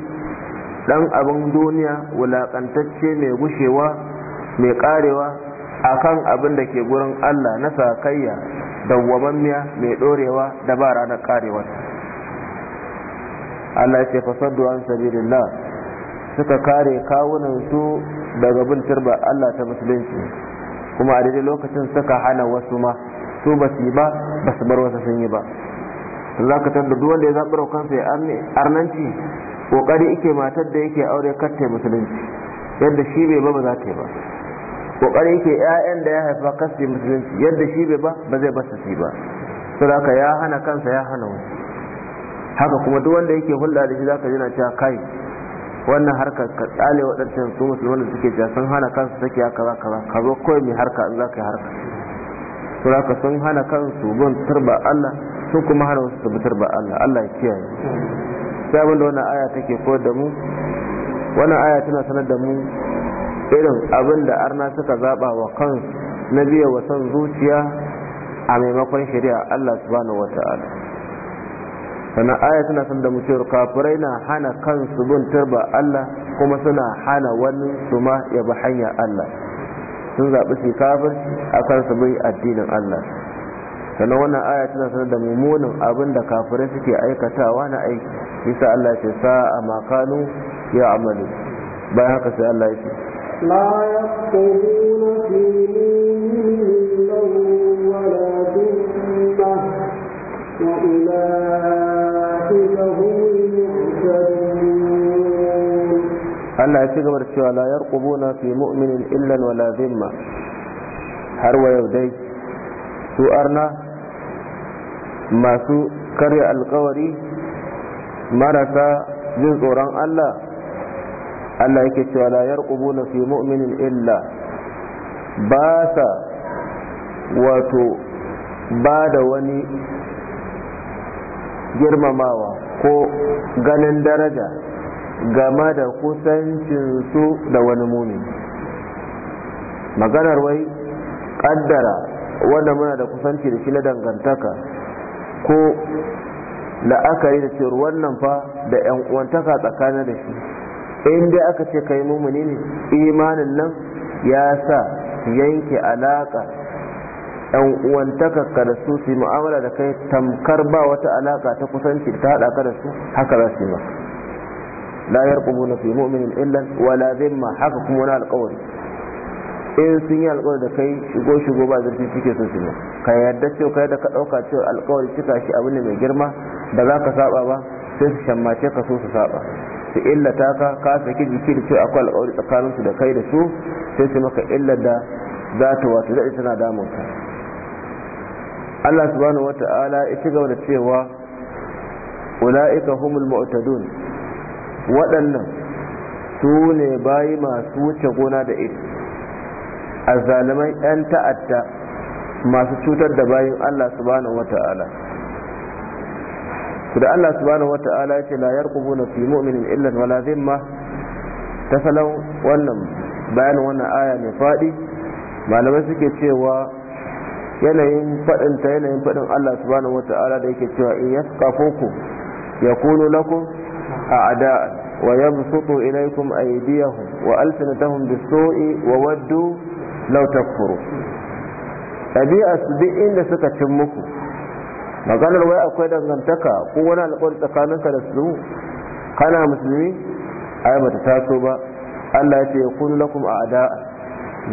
ɗan abin duniya wulaƙantacce mai gushewa mai ƙarewa a kan abin da ke gurin allah na sakayya dawwamammiya mai ɗorewa da ba ranar ƙarewar allah ce fasaddu an suka kare kawunan su daga bin turba allah ta musulunci kuma a daidai lokacin suka hana wasu ma su ba su yi ba ba su bar wasu sun yi ba za ka tattar duk wanda ya zaɓi raukansa ya arnanci ƙoƙari ike matar da yake aure katta musulunci yadda shi bai ba ba za ta yi ba ƙoƙari ike 'ya'yan da ya haifa kasta musulunci yadda shi bai ba ba zai basta shi ba saboda ya hana kansa ya hana wani haka kuma duk wanda yake hulɗa da shi za ka jina cewa kai wannan harka ka tsale waɗancan su musulman da suke cewa sun hana kansu take ya kaza kaza ka zo kawai mai harka in za ka yi harka saboda sun hana kansu bin turba Allah su kuma hana wasu tabbatar ba Allah Allah ya kiyaye sai abinda wannan aya take koyar da mu wannan aya tana sanar da mu irin abin da arna suka zaba wa kansu na biya wa san zuciya a maimakon shari'a Allah subhanahu wata'ala sana aya tana sanar da mu cewa kafirai na hana kansu bin tarba Allah kuma suna hana wani suma ya bi hanya Allah sun zaɓi su kafir a kansu su bi addinin Allah sannan wannan aya tana sanar da mummunan abin da kafirai suke aikatawa na aiki bisa Allah ce sa a kanu ya amalu bayan haka sai Allah ya ce لا يفقهون في دينهم ولا ذمة وأولئك هم المعتدون الله يتقبل الشيء لا يرقبون har wa yau dai su arna masu karya alkawari marasa jin tsoron Allah Allah yake cewa la yarqubuna fi mu'minin illa ba sa wato ba da wani girmamawa ko ganin daraja game da kusancinsu da wani mumin maganar wai kaddara wanda muna da kusanci da shi na dangantaka ko la'akari da cewar wannan fa da yan uwantaka tsakanin da shi in dai aka ce kai mumuni ne imanin nan ya sa yanke alaka yan uwantaka ka da su su mu'amala da kai tamkar ba wata alaka ta kusanci ta haɗa ka da su haka za su yi maka la yarqubuna fi mu'minin illa wala zimma haka kuma wani alƙawari in sun yi alƙawari da kai shigo shigo ba zurfi suke so su ka yarda cewa ka yarda ka ɗauka cewa alƙawari cika shi abu ne mai girma da za ka saba ba sai su shammace ka so su saba su illata ka ka saki jiki da cewa akwai alƙawari tsakanin su da kai da su sai su maka illar da za ta wato daɗe tana damun ka Allah subhanahu wata'ala ya ci gaba da cewa ula'ika humul mu'tadun waɗannan su ne bayi masu wuce gona da ita azzaliman 'yan ta'adda masu cutar da bayan Allah subhanahu wata'ala da Allah subhanahu wata'ala ya ce la yarqubuna fi mu'minin illar wala zimma ta salon wannan bayanin wannan aya mai faɗi malamai suke cewa yanayin faɗin ta yanayin faɗin Allah subhanahu wata'ala da yake cewa in yasqafukum yakunu a ada wa yabsutu ilaykum aydiyahum wa alsinatahum bis-su'i wa waddu law takfuru ɗabi'a su duk inda suka cin muku maganar wai akwai dangantaka ko wani alƙawari tsakaninka da su kana musulmi ai bata taso ba Allah ya ce ya kunu lakum a'da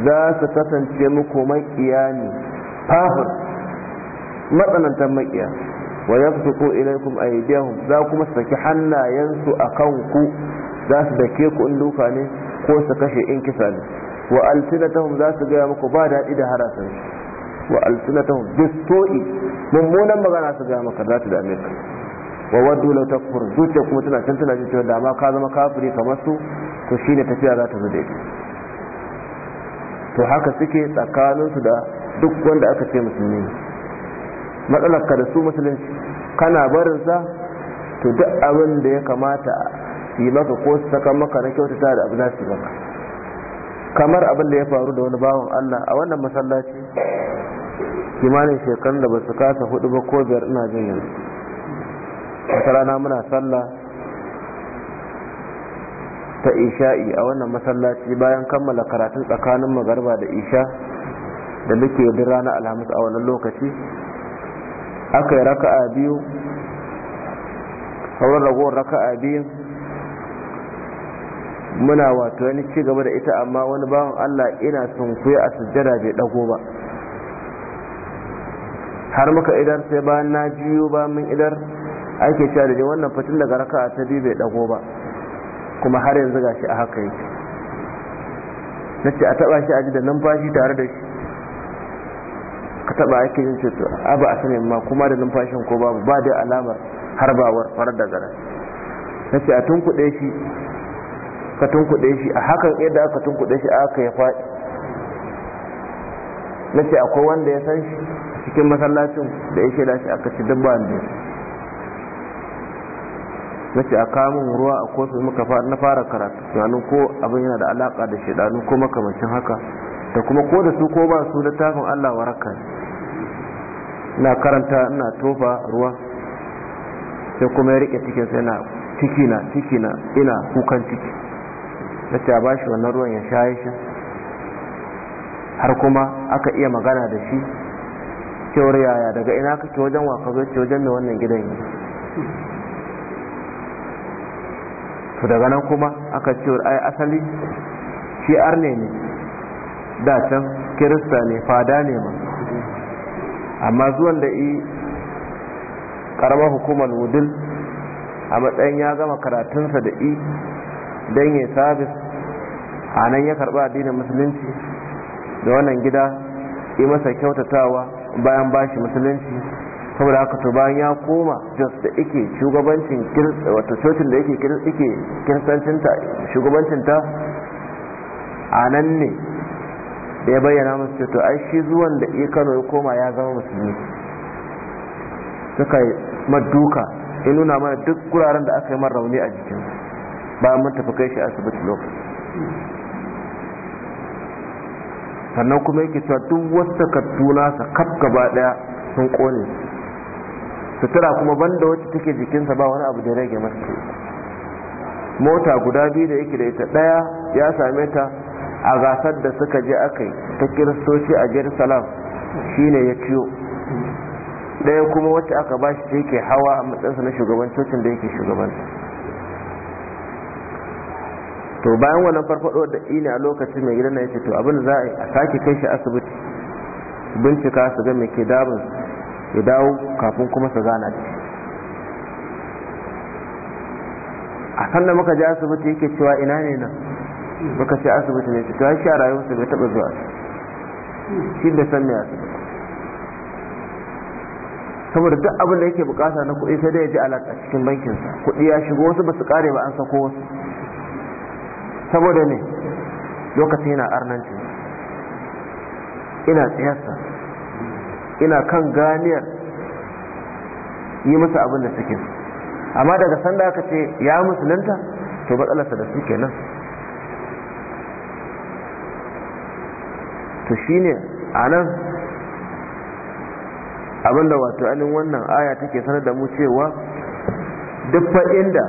za su kasance muku makiya ne fahir matsanantan makiya wa yabsuku ilaykum aydihum za kuma su saki hannayensu akan ku za su dake ku in duka ne ko su kashe in kisa ne wa alsinatahum za su gaya muku ba daɗi da harasan wa alsinatahum bistoi mummunan magana su gaya maka za su dame ka wa waddu law takfur zuciya kuma tana can tana cewa da ma ka zama kafiri kamar su to shine tafiya za ta zo da ita to haka suke tsakaninsu da duk wanda aka ce musulmi matsalar ka da su musulunci kana barinsa to duk abin da ya kamata yi maka ko su saka maka na kyautata da abu za su yi maka kamar abin da ya faru da wani bawan Allah a wannan masallaci kimanin shekarun da ba su kasa hudu ba ko biyar ina jin yanzu wata rana muna sallah ta isha'i a wannan masallaci bayan kammala karatun tsakanin magarba da isha da muke yi ranar alhamis a wannan lokaci aka yi raka'a biyu sauran ragowar raka'a biyu muna wato wani ci gaba da ita amma wani bawan Allah ina sun kuya a sujjada bai dago ba har muka idar sai ba na jiyo ba min idar ake cewa da wannan fitin daga raka ta biyu bai dago ba kuma har yanzu gashi a haka yake na ce a taba shi a ji da numfashi tare da shi ka taba ake yin ce to a ba a sanin ma kuma da numfashin ko babu ba da alamar harbawar farar da gara na ce a tun kuɗe shi ka tunkuɗe shi a hakan yadda aka tunkuɗe shi aka ya faɗi na ce akwai wanda ya san shi cikin masallacin da ya shaida shi aka ci dabba da na ce a kamun ruwa a kofi muka na fara karatu tunanin ko abin yana da alaka da shaidanu ko makamancin haka da kuma ko da su ko ba su littafin allah waraka na karanta ina tofa ruwa sai kuma ya rike cikin sai na ciki na ciki na ina kukan ciki na ce a ba shi wannan ruwan ya sha shi har kuma aka iya magana da shi cewar yaya daga ina kake wajen waka zo ce wajen mai wannan gidan yi to daga nan kuma aka cewar ai asali shi arne ne da can kirista ne fada ne ma amma zuwan da i karamar hukumar wudil a matsayin ya gama karatunsa da i don yi sabis a nan ya karɓi addinin musulunci da wannan gida yi masa kyautatawa bayan bashi musulunci saboda haka to bayan ya koma jos da ike shugabancin wato cocin da ike kirsancinta shugabancinta a nan ne da ya bayyana musu to ai shi zuwan da iya kano ya koma ya zama musulmi suka yi maduka ya nuna mana duk guraren da aka yi man rauni a jikin bayan mun tafi kai shi asibiti lokaci sannan kuma yake cewa duk wasu takardu sa kaf gaba daya sun kone sutura kuma banda wacce take jikinsa ba wani abu da rage masa mota guda biyu da yake da ita daya ya same ta a gasar da suka je aka yi ta kiristoci a jerusalem shine ya ciyo daya kuma wacce aka ba shi yake hawa a matsayinsa na shugaban cocin da yake shugabanta to bayan wannan farfado da ina a lokacin mai gidan ya to abin za a sake kai shi asibiti bincika su ga mai ke damun ya dawo kafin kuma su gana da shi a sanda muka je asibiti yake cewa ina ne nan muka ce asibiti ne to shi a rayuwarsa bai taba zuwa shi da san mai asibiti saboda duk abin da yake bukata na kuɗi sai dai ya ji alaƙa cikin bankinsa kuɗi ya shigo wasu ba su kare ba an sako wasu saboda ne lokacin yana arnanci ina tsayarsa ina kan ganiyar yi musu abin da suke amma daga sanda aka ce ya musulunta to matsalarsa da suke nan, to ne a nan abinda wato alin wannan aya take sanar da mu cewa duk inda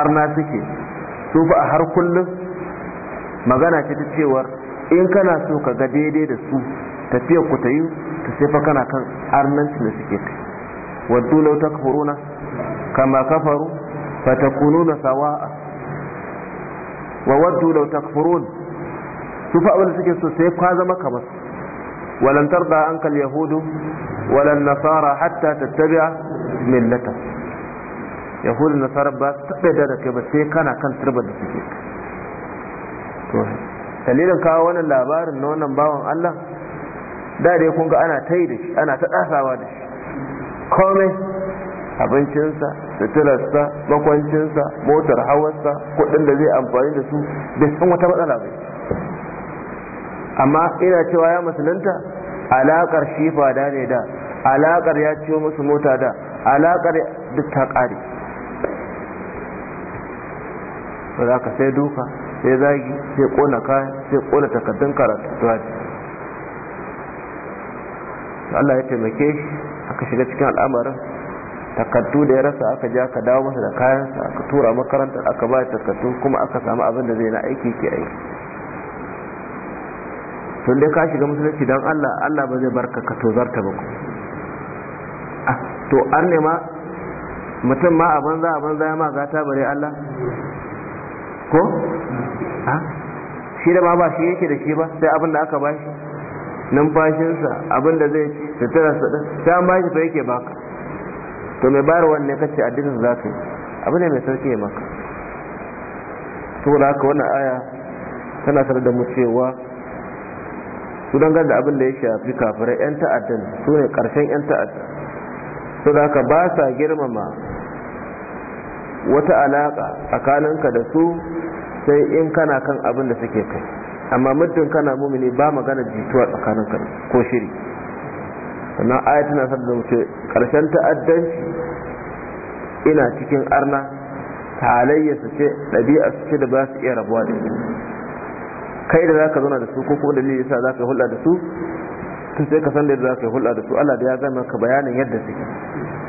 arna suke su fa a har kullum magana ce ta cewar in kana so ka ga daidai da su tafiyar ku ta yi ta sai fa kana kan arnancin da suke kai waddu law takfuruna kama kafaru na sawa'a wa waddu law takfurun su fa abin da suke so sai kwa zama kamar da an kal yahudu walan nasara hatta tattabi'a millata yahudu nasarar ba su taɓa da ke ba sai kana kan turban da suke dalilin kawo wannan labarin na wannan bawan allah da dai kun ga ana ta yi da shi ana ta ɗasawa da shi komai abincinsa suturarsa makwancinsa motar hawarsa kuɗin da zai amfani da su da san wata matsala bai amma ina cewa ya musulunta alaƙar shi da ne da alaƙar ya ciwo musu mota da alaƙar duk ta ƙare ba za ka sai duka sai zagi sai kona kayan sai kona takardun karatu Allah ya taimake shi aka shiga cikin al'amarin takardu da ya rasa aka ja ka dawo masa da kayansa aka tura makarantar aka ba takardu kuma aka samu abin da zai na aiki ke aiki tun dai ka shiga musulunci don Allah Allah ba zai barka ka tozarta ba ku. Ah, to an ma mutum ma a banza a banza ya ma gata bare Allah ko shi da ma ba shi yake da shi ba sai abin da aka ba shi numfashinsa abin da zai tattara su da sai an ba shi fa yake baka to mai bayar wannan ya kace addinin za ka yi abu ne mai sauƙi ya maka To da haka wannan aya tana sanar da mu cewa su dangar da abin da ya shafi kafirai 'yan ta'addan su ne ƙarshen 'yan ta'addan? su da haka ba sa girmama wata alaka tsakaninka da su sai in kana kan abin da suke kai amma muddin kana mumini ba magana jituwa tsakaninka ko shiri sannan aya tana sadda da ce karshen ta'addanci ina cikin arna halayya su ce ɗabi'a su ce da ba su iya rabuwa da kai da zaka zauna da su ko kuma dalili yasa zaka hulɗa da su tun sai ka san da yadda zaka hulɗa da su Allah da ya gama ka bayanin yadda suke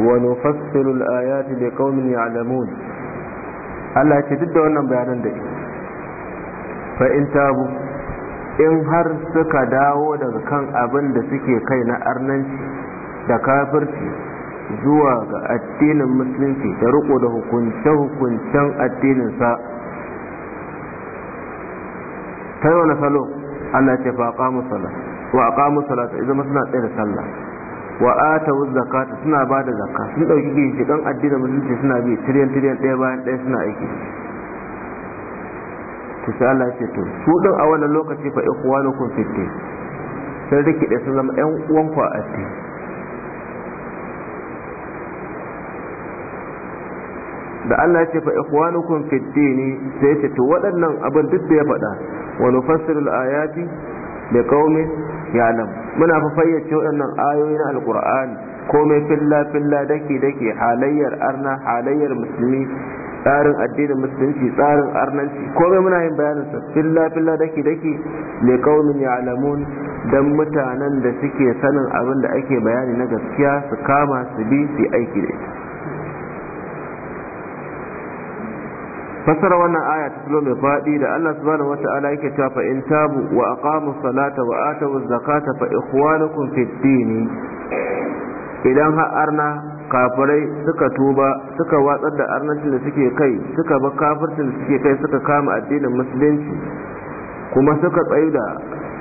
ونفصل الآيات لقوم يعلمون Allah ce duk da wannan bayanan da fa in tabu in har suka dawo daga kan abin da suke kai na arnanci da kafirci zuwa ga addinin musulunci da riko da hukunce-hukuncen addininsa ta yi wani Allah ce fa aqamu salat wa aqamu salat idan suna tsaye da sallah wa atawu zakata suna ba da zakka sun dauki ginshiƙan addinin musulunci suna bi tiriyan tiriyan ɗaya bayan ɗaya suna aiki to sai Allah ce to su din a wannan lokaci fa ikhwanukum fitti sai da su zama ƴan uwanku a addini da Allah ya ce fa ikhwanukum ne sai ce to waɗannan abin duk da ya faɗa wa nufassilu al-ayati da kaumin yalam muna fa fayyace waɗannan ayoyi na alkur'ani komai filla filla dake dake halayyar arna halayyar musulmi tsarin addinin musulunci tsarin arnanci komai muna yin bayanin sa filla filla dake dake da kaumin yalamun dan mutanen da suke sanin abin da ake bayani na gaskiya su kama su bi su aiki da ita fassara wannan aya ta salo mai faɗi da Allah subhanahu wata'ala yake cewa fa in tabu wa aqamu salata wa atu zakata fa ikhwanukum fid din idan har arna kafirai suka tuba suka watsar da arnancin da suke kai suka ba kafircin da suke kai suka kama addinin musulunci kuma suka tsayu da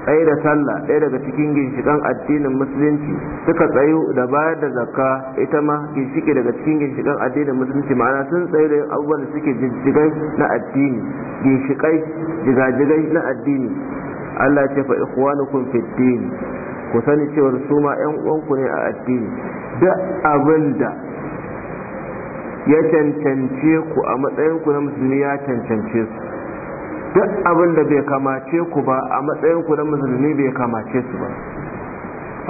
tsaye da sallah ɗaya daga cikin ginshikan addinin musulunci suka tsayu da bayar da zakka ita ma ginshiki daga cikin ginshikan addinin musulunci ma'ana sun tsayu da abubuwan da suke jijjigai na addini Ginshiƙai jigajigai na addini Allah ce fa ikhwanukum fid din ku sani cewa su ma 'yan uwanku ne a addini da abinda ya cancance ku a matsayin ku na musulmi ya cancance su duk abin da bai kamace ku ba a matsayin ku na musulmi bai kamace su ba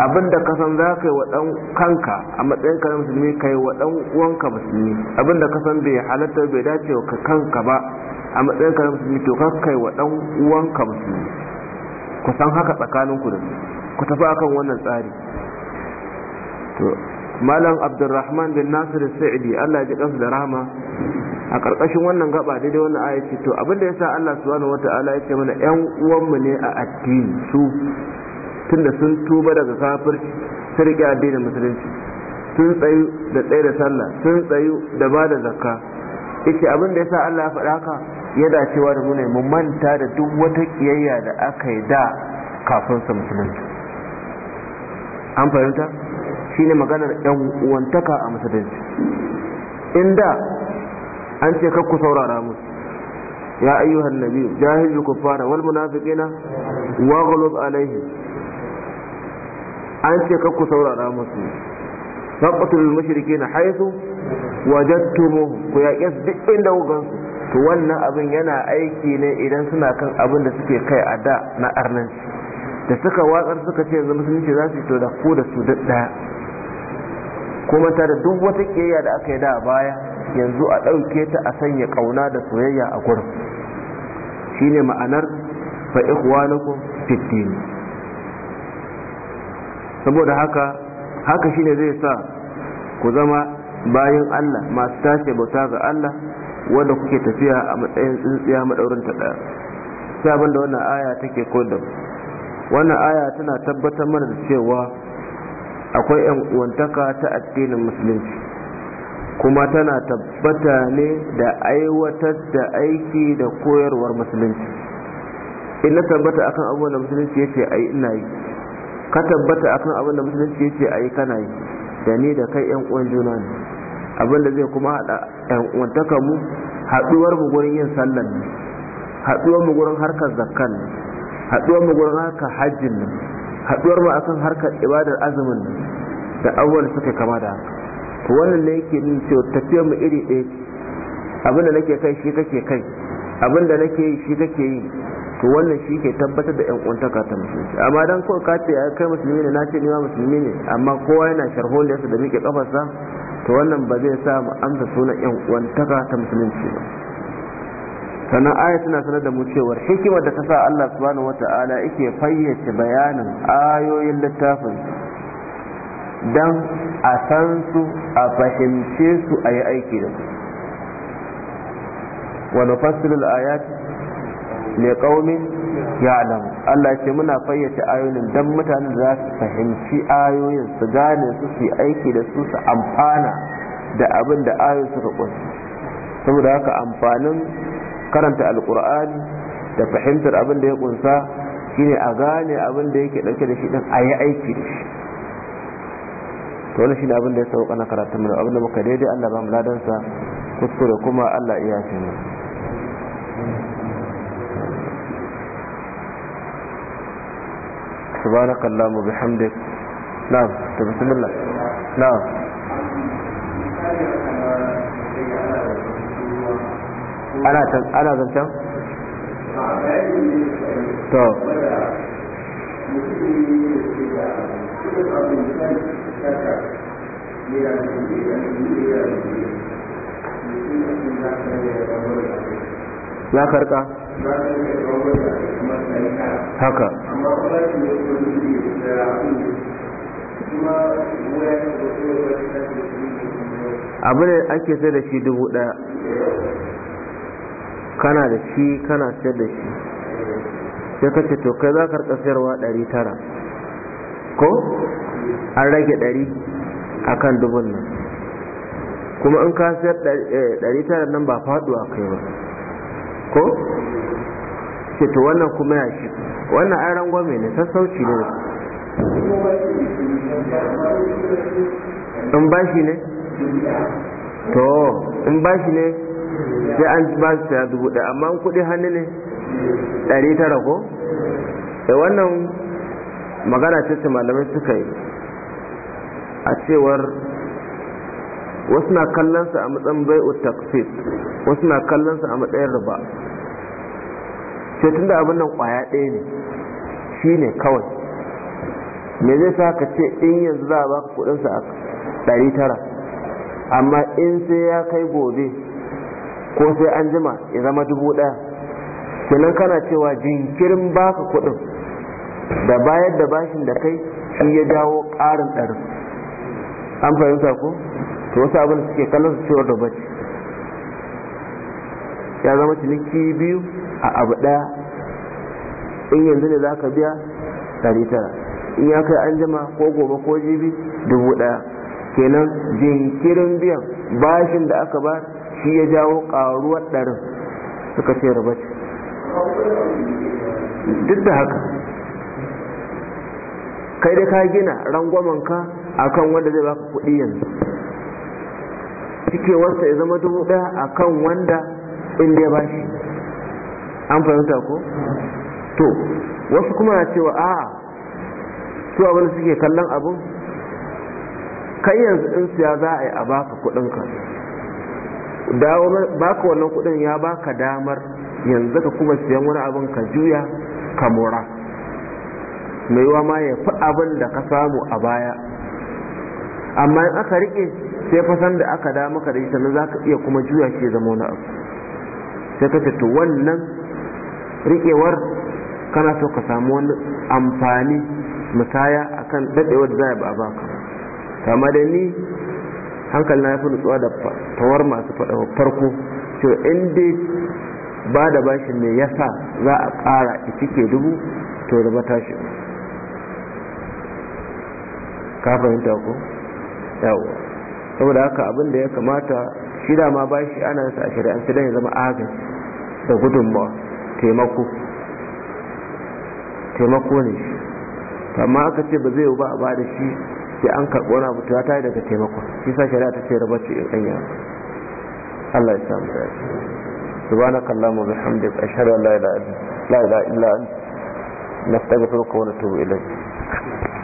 abin da ka san za ka yi wa ɗan kanka a matsayin ka na musulmi ka yi wa ɗan uwanka musulmi abin da ka san bai halatta bai dace wa kanka ba a matsayin ka na musulmi to ka kai wa ɗan uwanka musulmi ku san haka tsakanin ku da su ku tafi akan wannan tsari to malam abdulrahman bin nasir sa'idi allah ya ji kansu da rahama a ƙarƙashin wannan gaba daidai wannan aya ce to abinda sa Allah subhanahu wata'ala yake mana yan uwanmu ne a addini su tunda sun tuba daga kafir su rike addinin musulunci sun tsayu da tsaye da sallah sun tsayu da ba da zakka yace abinda sa Allah ya faɗa haka ya dacewa da mu ne mu manta da duk wata kiyayya da aka yi da kafin sa musulunci an fahimta shine maganar yan uwantaka a musulunci in da. an ce kakku saurara musu ya ayyuhan nabi jahil kuffara wal munafiqina waghlub alaihim an ce kakku saurara musu faqtul mushrikeena haythu wajadtumuhum ku ya su duk inda ku to wannan abin yana aiki ne idan suna kan abin da suke kai a da na arnanci da suka watsar suka ce yanzu musulunci za su to da ku da su duk kuma ta duk wata kiyaya da aka yi da baya yanzu a ɗauke ta a sanya ƙauna da soyayya a gurin ne ma'anar fa fitini saboda haka haka ne zai sa ku zama bayan Allah masu tace bauta ga Allah wanda kuke tafiya a matsayin tsintsiya maɗaurin ta ɗaya sai abin da wannan aya take koyar wannan aya tana tabbatar mana da cewa akwai yan uwantaka ta addinin musulunci kuma tana tabbata ne da aiwatar da aiki da koyarwar musulunci in na tabbata akan abubuwan da musulunci yace ai ina yi ka tabbata akan abin da musulunci yace ai kana yi da ni da kai yan uwan juna ne abin da zai kuma hada yan taka mu haduwar mu gurin yin sallan ne haduwar mu gurin harkar zakkan ne haduwar mu gurin harkar hajjin ne haduwar mu akan harkar ibadar azumin ne da abubuwan suka kama da haka to wannan ne yake nuna cewa tafiyar mu iri ɗaya abin da nake kai shi kake kai abin da nake yi shi kake yi to wannan shi ke tabbatar da yan kuntaka ta musulunci amma dan ko ka ce kai musulmi ne na ce ni ma musulmi ne amma kowa yana sharho da da miƙe kafarsa to wannan ba zai sa mu amsa sunan yan kuntaka ta musulunci ba sannan aya tana sanar da mu cewa hikimar da ta sa Allah subhanahu wata'ala yake fayyace bayanin ayoyin littafin don a san su a fahimce su a yi aiki da su wani fasilul ayat ne ƙaumin ya Allah ce muna fayyace ayoyin don mutanen za su fahimci ayoyin su gane su su yi aiki da su su amfana da abin da ayoyin suka ƙunsa saboda haka amfanin karanta alkur'ani da fahimtar abin da ya ƙunsa shine a gane abin da yake ɗauke da shi ɗin a yi aiki da shi to wani shine abin da ya sauka na karatun mu abin da muka daidai Allah ba mu ladan sa kuskure kuma Allah iya ce ne سبحانك اللهم وبحمدك نعم بسم الله نعم ana can ana zancen? to ya karka haka abu ne ake sai da shi dubu daya kana da shi kana sai da shi sai kace to kai za ka rika sayarwa tara, ko an rage ɗari a kan dubun nan kuma in ka sayar ɗari eh, tara nan ba faɗuwa kai ba ko ce wannan kuma ya shi wannan an rangwame ne sassauci ne in ba shi ne to in ba shi ne sai an ba su ta dubu ɗaya amma kuɗi hannu ne ɗari tara ko da eh, wannan magana ce malamai suka yi a cewar wasu na kallonsa a matsayin bai'u taksit wasu na kallonsa a matsayin riba tunda abin nan kwaya ɗaya ne shi ne kawai me zai sa ka ce in yanzu za a baka kudinsa a ɗari tara amma in sai ya kai gobe ko sai an jima ya zama dubu ɗaya kenan kana cewa jinkirin baka kudin da bayar da bashin da kai shi ya jawo ƙarin ɗarin an fahimta ko to wasu abin suke kallon su cewar da bacci. ya zama ciniki biyu a abu ɗaya in yanzu ne za ka biya ɗari tara in ya kai an jima ko gobe ko jibi dubu ɗaya kenan jinkirin biyan bashin da aka ba shi ya jawo ƙaruwar ɗarin suka ce da bacci duk da haka kai da ka gina rangwamanka akan wanda zai baka kuɗi yanzu wasa ya zama dubu ɗaya akan wanda inda ya bashi an fahimta ko to wasu kuma na cewa a su abin suke kallon abin kai yanzu in siya za a yi a baka kuɗinka dawo baka wannan kuɗin ya baka damar yanzu ka kuma siyan wani abin ka juya ka mora mai yiwa ma ya fi abin da ka samu a baya amma in aka rike sai fasan da aka da maka da ita za ka iya kuma juya shi zama wani abu sai ka to wannan rikewar kana so ka samu wani amfani musaya akan dadewar da ba a to amma da ni hankali na fi nutsuwa da tawar masu farko to in dai ba da bashi ne yasa za a ƙara cike dubu to da ba tashi ka fahimta ko yawo saboda haka abin da ya kamata shi ma ba shi ana sa a shari'ance don ya zama agaji da gudunmawa taimako taimako ne shi amma aka ce ba zai yi ba a ba da shi sai an karɓi wani abu ta yi daga taimako shi sa shari'a ta ce rabar ce in ɗanya Allah ya samu da shi subhanaka allahumma bihamdik ashhadu an la ilaha illa anta nastaghfiruka wa natubu ilayk